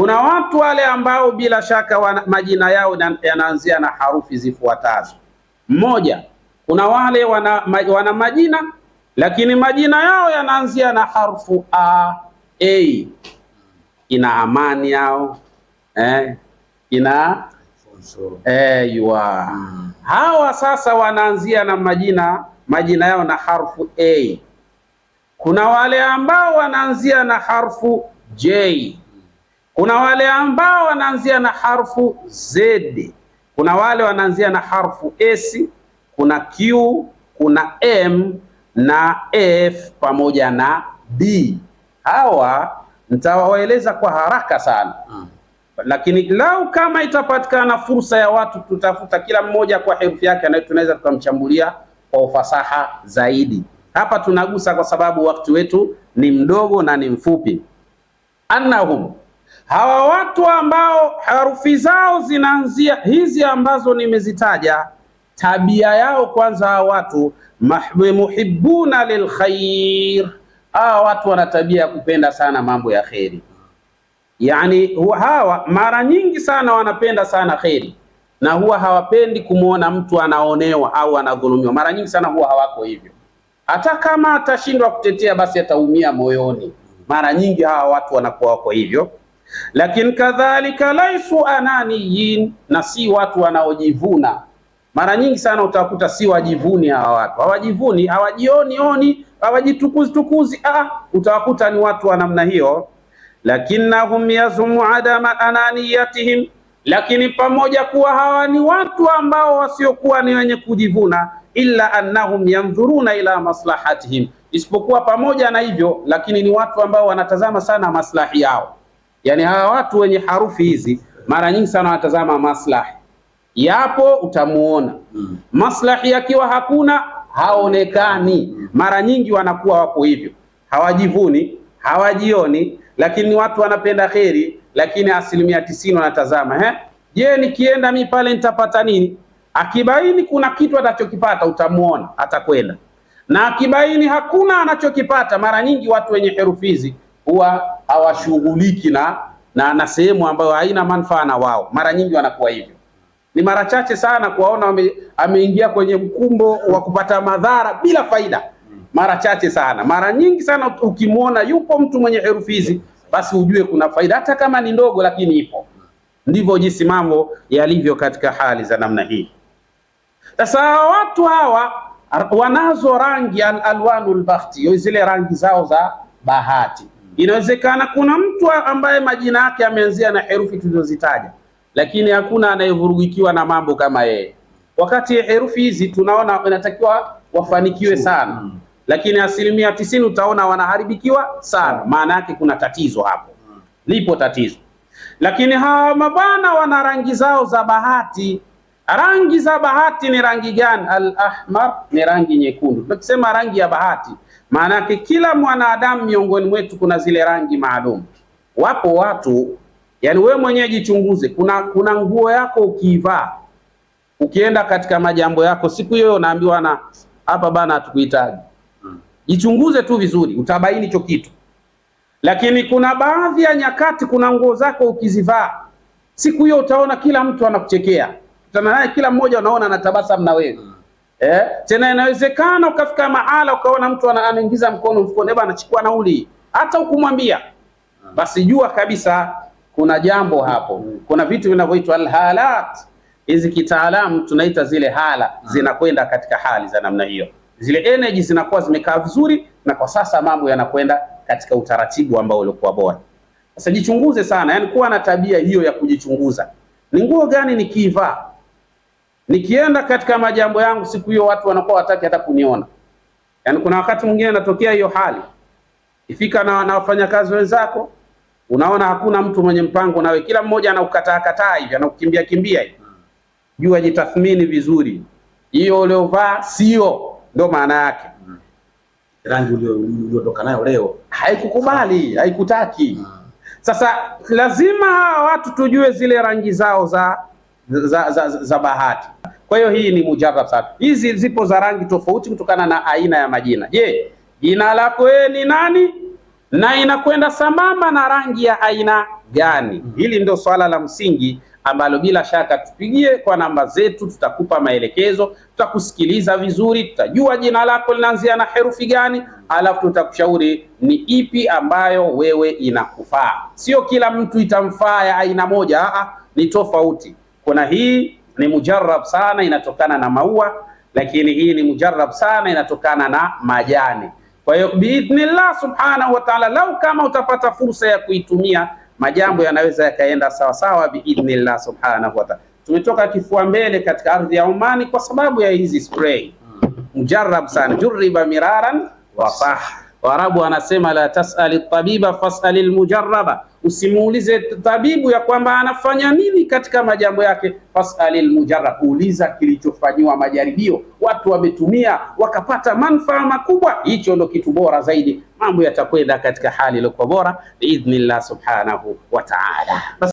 Kuna watu wale ambao bila shaka wana, majina yao yanaanzia na harufi zifuatazo. moja kuna wale wana, wana majina lakini majina yao yanaanzia na harfu a a. Ina amani yao eh, ina eh, yua Hawa sasa wanaanzia na majina majina yao na harfu a. Kuna wale ambao wanaanzia na harfu j kuna wale ambao wanaanzia na harfu Z, kuna wale wanaanzia na harfu S, kuna Q, kuna M na F pamoja na B. Hawa nitawaeleza kwa haraka sana hmm. Lakini lau kama itapatikana fursa ya watu, tutafuta kila mmoja kwa herufi yake, na tunaweza tukamchambulia kwa ufasaha zaidi. Hapa tunagusa kwa sababu wakati wetu ni mdogo na ni mfupi. annahum hawa watu ambao harufi zao zinaanzia hizi ambazo nimezitaja, tabia yao kwanza, hawa watu muhibbuna lilkhair, hawa watu wana tabia ya kupenda sana mambo ya kheri. Yani hawa mara nyingi sana wanapenda sana kheri, na huwa hawapendi kumwona mtu anaonewa au anadhulumiwa. Mara nyingi sana huwa hawako hivyo, hata kama atashindwa kutetea basi ataumia moyoni. Mara nyingi hawa watu wanakuwa wako hivyo lakini kadhalika laisu ananiyin, na si watu wanaojivuna. Mara nyingi sana utakuta si wajivuni hawa watu, hawajivuni, hawajioni oni, hawajitukuzi tukuzi. Ah, utawakuta ni watu wa namna hiyo. Lakinnahum yazumu adama ananiyatihim, lakini pamoja kuwa hawa ni watu ambao wasiokuwa ni wenye kujivuna, illa annahum yandhuruna ila maslahatihim, isipokuwa pamoja na hivyo, lakini ni watu ambao wanatazama sana maslahi yao. Yani hawa watu wenye harufi hizi mara nyingi sana wanatazama maslahi, yapo utamuona hmm. maslahi yakiwa hakuna haonekani. Mara nyingi wanakuwa wapo hivyo, hawajivuni hawajioni, lakini watu wanapenda kheri, lakini asilimia tisini wanatazama he, eh, je, nikienda mi pale nitapata nini? Akibaini kuna kitu atachokipata utamuona, atakwenda na akibaini hakuna anachokipata, mara nyingi watu wenye herufi hizi huwa hawashughuliki na na na sehemu ambayo haina manufaa na wao. Mara nyingi wanakuwa hivyo, ni mara chache sana kuwaona ameingia kwenye mkumbo wa kupata madhara bila faida, mara chache sana. Mara nyingi sana ukimwona yupo mtu mwenye herufi hizi, basi ujue kuna faida, hata kama ni ndogo, lakini ipo. Ndivyo jinsi mambo yalivyo katika hali za namna hii. Sasa watu hawa wanazo rangi al alwanul bahti, zile rangi zao za bahati Inawezekana kuna mtu ambaye majina yake ameanzia na herufi tulizozitaja, lakini hakuna anayevurugikiwa na mambo kama yeye. Wakati herufi hizi tunaona inatakiwa wafanikiwe sana, hmm. lakini asilimia tisini utaona wanaharibikiwa sana. Maana yake kuna tatizo hapo, hmm. lipo tatizo. Lakini hawa mabwana wana rangi zao za bahati Rangi za bahati ni rangi gani? Al-ahmar ni rangi nyekundu. Tukisema rangi ya bahati, maana yake kila mwanadamu miongoni mwetu kuna zile rangi maalum. Wapo watu yani, wewe mwenyewe jichunguze, kuna kuna nguo yako ukiivaa, ukienda katika majambo yako, siku hiyo unaambiwa na hapa bana, hatukuhitaji. Hmm. Jichunguze tu vizuri, utabaini hicho kitu. Lakini kuna baadhi ya nyakati, kuna nguo zako ukizivaa, siku hiyo utaona kila mtu anakuchekea Kutana naye kila mmoja unaona anatabasamu na wewe. Hmm. Eh? Tena inawezekana ukafika mahala ukaona mtu anaingiza mkono mfukoni, hebu anachukua nauli hata ukumwambia. Hmm. Basi jua kabisa kuna jambo hapo. Hmm. Kuna vitu vinavyoitwa alhalat. Hizi kitaalamu tunaita zile hala zinakwenda katika hali za namna hiyo. Zile energy zinakuwa zimekaa vizuri na kwa sasa mambo yanakwenda katika utaratibu ambao ulikuwa bora. Sasa jichunguze sana, yani kuwa na tabia hiyo ya kujichunguza. Ni nguo gani nikiivaa Nikienda katika majambo yangu siku hiyo watu wanakuwa wataki hata kuniona. Yaani kuna wakati mwingine natokea hiyo hali. Ifika na, na wafanyakazi wenzako unaona hakuna mtu mwenye mpango nawe, kila mmoja anaukataa kataa hivi, anaukimbia kimbia hivi. Jua jitathmini vizuri, hiyo uliovaa sio ndo maana yake. Rangi uliotoka nayo leo haikukubali, haikutaki. Sasa lazima hawa watu tujue zile rangi zao za za, za, za, za bahati. Kwa hiyo hii ni mujarab sana. Hizi zipo za rangi tofauti kutokana na aina ya majina. Je, jina lako wewe ni nani na inakwenda sambamba na rangi ya aina gani? Mm-hmm. Hili ndio swala la msingi ambalo bila shaka tupigie kwa namba zetu, tutakupa maelekezo, tutakusikiliza vizuri, tutajua jina lako linaanzia na herufi gani, alafu tutakushauri ni ipi ambayo wewe inakufaa. Sio kila mtu itamfaa ya aina moja, a, ni tofauti. Kuna hii ni mujarab sana, inatokana na maua, lakini hii ni mujarab sana, inatokana na majani. Kwa hiyo biidhnillah subhanahu wa ta'ala, lau kama utapata fursa ya kuitumia majambo yanaweza yakaenda sawasawa biidhnillah subhanahu wa ta'ala. Tumetoka kifua mbele katika ardhi ya Omani kwa sababu ya hizi spray mujarab sana, juriba miraran wasah. Waarabu wanasema la tasali tabiba fasali lmujaraba Usimuulize tabibu ya kwamba anafanya nini katika majambo yake. Fasalil mujarrab, uliza kilichofanyiwa majaribio, watu wametumia wakapata manufaa makubwa, hicho ndo kitu bora zaidi. Mambo yatakwenda katika hali iliyokuwa bora biidhnillah subhanahu wa ta'ala.